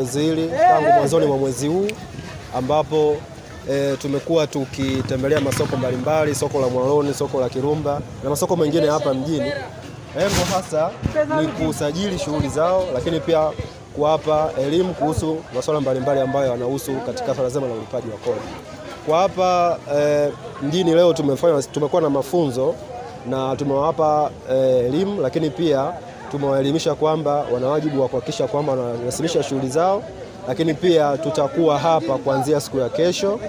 Zoezi hili tangu mwanzoni mwa mwezi huu ambapo e, tumekuwa tukitembelea masoko mbalimbali, soko la Mwaloni, soko la Kirumba na masoko mengine hapa mjini. Lengo hasa ni kusajili shughuli zao, lakini pia kuwapa elimu kuhusu masuala mbalimbali ambayo yanahusu katika swala zima la ulipaji wa kodi. Kwa hapa e, mjini leo tumefanya tumekuwa na mafunzo na tumewapa eh, elimu, lakini pia tumewaelimisha kwamba wana wajibu wa kuhakikisha kwamba wanarasimisha shughuli zao, lakini pia tutakuwa hapa kuanzia siku ya kesho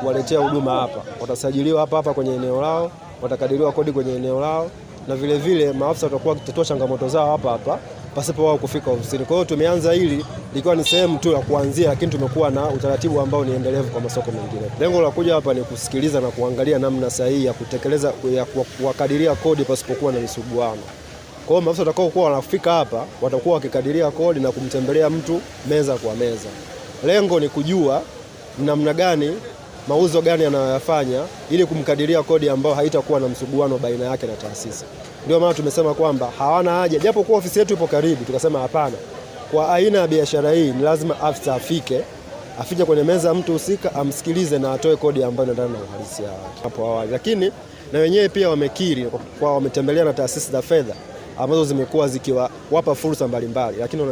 kuwaletea huduma hapa. Watasajiliwa hapa hapa kwenye eneo lao, watakadiriwa kodi kwenye eneo lao, na vilevile maafisa watakuwa wakitatua changamoto zao hapa hapa pasipo wao kufika ofisini. Kwa hiyo tumeanza hili likiwa ni sehemu tu ya kuanzia, lakini tumekuwa na utaratibu ambao ni endelevu kwa masoko mengine. Lengo la kuja hapa ni kusikiliza na kuangalia namna sahihi ya kutekeleza ya kuwakadiria kodi pasipokuwa na misuguano. Kwa hiyo maafisa watakaokuwa wanafika hapa watakuwa wakikadiria kodi na kumtembelea mtu meza kwa meza. Lengo ni kujua namna gani mauzo gani anayoyafanya ili kumkadiria kodi ambayo haitakuwa na msuguano baina yake na taasisi. Ndio maana tumesema kwamba hawana haja, japo kuwa ofisi yetu ipo karibu, tukasema hapana, kwa aina ya biashara hii ni lazima afisa afike, afike kwenye meza ya mtu husika, amsikilize na atoe kodi ambayo inaendana na uhalisia wake hapo awali. Lakini na wenyewe pia wamekiri kwa wametembelea na taasisi za fedha ambazo zimekuwa zikiwapa fursa mbalimbali, lakini,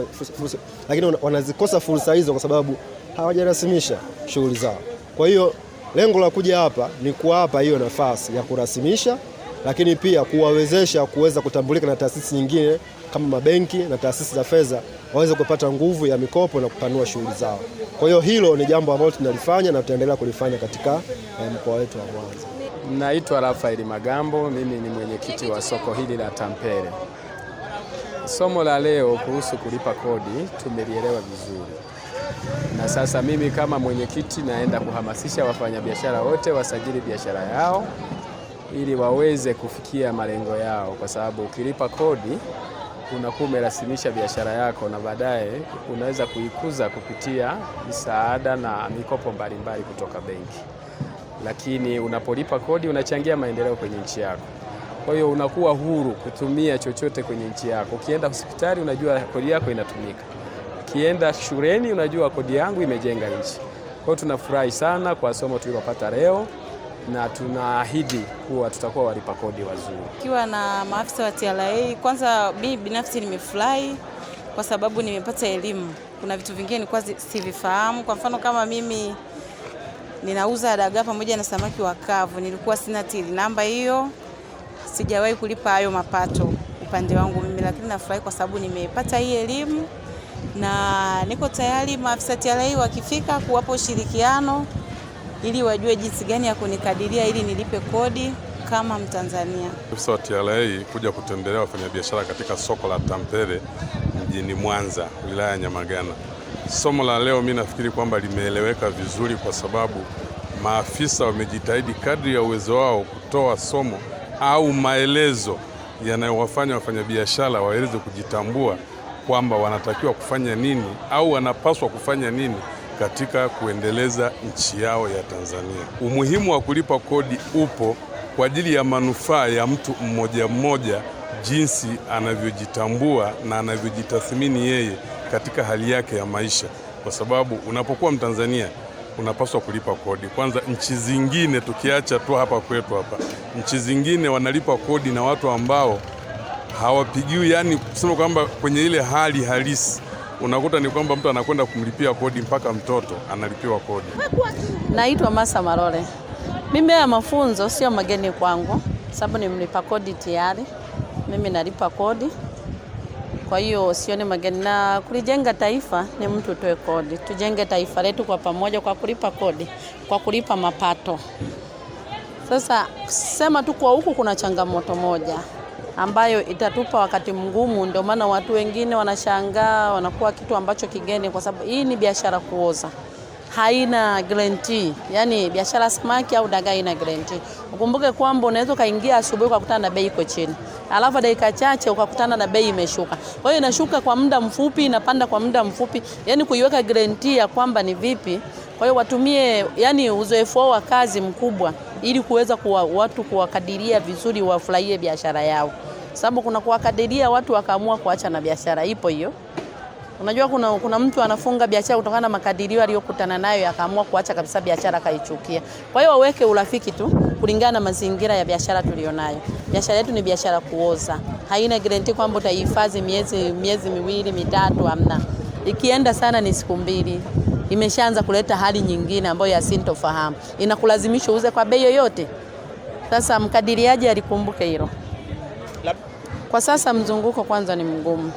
lakini wanazikosa fursa hizo kwa sababu hawajarasimisha shughuli zao. Kwa hiyo lengo la kuja hapa ni kuwapa hiyo nafasi ya kurasimisha, lakini pia kuwawezesha kuweza kutambulika na taasisi nyingine kama mabenki na taasisi za fedha waweze kupata nguvu ya mikopo na kupanua shughuli zao. Kwa hiyo hilo ni jambo ambalo tunalifanya na tutaendelea kulifanya katika eh, mkoa wetu wa Mwanza. Naitwa Rafaeli Magambo, mimi ni mwenyekiti wa soko hili la Tampere. Somo la leo kuhusu kulipa kodi tumelielewa vizuri, na sasa mimi kama mwenyekiti naenda kuhamasisha wafanyabiashara wote wasajili biashara yao ili waweze kufikia malengo yao, kwa sababu ukilipa kodi unakuwa umerasimisha biashara yako na baadaye unaweza kuikuza kupitia misaada na mikopo mbalimbali kutoka benki lakini unapolipa kodi unachangia maendeleo kwenye nchi yako. Kwa hiyo unakuwa huru kutumia chochote kwenye nchi yako. Ukienda hospitali unajua kodi yako inatumika, ukienda shuleni unajua kodi yangu imejenga nchi. Kwa hiyo tunafurahi sana kwa somo tulilopata leo na tunaahidi kuwa tutakuwa walipa kodi wazuri. Kiwa na maafisa wa TRA, kwanza mimi binafsi nimefurahi kwa sababu nimepata elimu. Kuna vitu vingine nilikuwa sivifahamu, kwa mfano kama mimi ninauza dagaa pamoja na samaki wa kavu Nilikuwa sina tili namba hiyo, sijawahi kulipa hayo mapato upande wangu mimi, lakini nafurahi kwa sababu nimepata hii elimu na niko tayari maafisa TRA wakifika kuwapa ushirikiano ili wajue jinsi gani ya kunikadiria ili nilipe kodi kama Mtanzania. Afisa wa TRA kuja kutembelea wafanyabiashara katika soko la Tampere mjini Mwanza wilaya ya Nyamagana. Somo la leo mi nafikiri kwamba limeeleweka vizuri, kwa sababu maafisa wamejitahidi kadri ya uwezo wao kutoa somo au maelezo yanayowafanya wafanyabiashara waweze kujitambua kwamba wanatakiwa kufanya nini au wanapaswa kufanya nini katika kuendeleza nchi yao ya Tanzania. Umuhimu wa kulipa kodi upo kwa ajili ya manufaa ya mtu mmoja mmoja, jinsi anavyojitambua na anavyojitathmini yeye katika hali yake ya maisha, kwa sababu unapokuwa Mtanzania unapaswa kulipa kodi kwanza. Nchi zingine tukiacha tu hapa kwetu hapa, nchi zingine wanalipa kodi na watu ambao hawapigiwi, yani kusema kwamba kwenye ile hali halisi unakuta ni kwamba mtu anakwenda kumlipia kodi mpaka mtoto analipiwa kodi. Naitwa Masa Marole. Mimi haya mafunzo sio mageni kwangu, sababu ni mlipa kodi tayari, mimi nalipa kodi. Kwa hiyo sioni mageni, na kulijenga taifa ni mtu utoe kodi, tujenge taifa letu kwa pamoja kwa kulipa kodi, kwa kulipa mapato. Sasa sema tu kwa huku kuna changamoto moja ambayo itatupa wakati mgumu, ndio maana watu wengine wanashangaa, wanakuwa kitu ambacho kigeni, kwa sababu hii ni biashara kuoza haina guarantee. Yani biashara samaki au dagaa haina guarantee. Ukumbuke kwamba unaweza ukaingia asubuhi ukakutana na bei iko chini, alafu dakika chache ukakutana na bei imeshuka. Kwa hiyo inashuka kwa muda mfupi, inapanda kwa muda mfupi, yani kuiweka guarantee ya kwamba ni vipi. Kwa hiyo watumie yani uzoefu wao wa kazi mkubwa, ili kuweza kuwa, watu kuwakadiria vizuri, wafurahie biashara yao, sababu kuna kuwakadiria watu wakaamua kuacha na biashara ipo hiyo. Unajua kuna, kuna mtu anafunga biashara kutokana na makadirio aliyokutana nayo akaamua kuacha kabisa biashara akaichukia. Kwa hiyo waweke urafiki tu kulingana na mazingira ya biashara tuliyonayo biashara yetu ni biashara kuoza, haina guarantee kwamba utaihifadhi miezi miezi miwili mitatu, hamna. Ikienda sana ni siku mbili, imeshaanza kuleta hali nyingine ambayo yasintofahamu, inakulazimisha uuze kwa bei yoyote. Sasa mkadiriaji alikumbuke hilo. Kwa sasa mzunguko kwanza ni mgumu,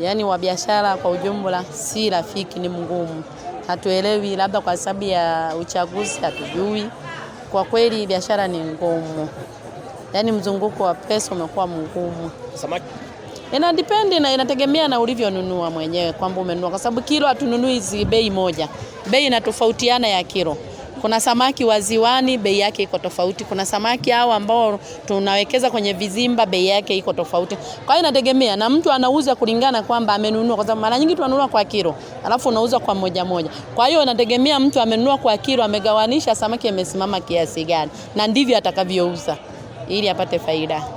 yaani wa biashara kwa ujumla si rafiki, ni mgumu, hatuelewi, labda kwa sababu ya uchaguzi, hatujui. Kwa kweli biashara ni ngumu yani mzunguko wa pesa umekuwa mgumu. Samaki ina depend na inategemea na ulivyonunua mwenyewe kwamba umenunua, kwa sababu kilo hatununui bei moja, bei inatofautiana ya kilo. Kuna samaki wa ziwani bei yake iko tofauti, kuna samaki hao ambao tunawekeza kwenye vizimba bei yake iko tofauti. Kwa hiyo inategemea na mtu anauza kulingana kwamba amenunua, kwa sababu mara nyingi tunanunua kwa kilo alafu unauza kwa moja moja. Kwa hiyo inategemea mtu amenunua kwa kilo, amegawanisha samaki amesimama kiasi gani, na ndivyo atakavyouza ili apate faida.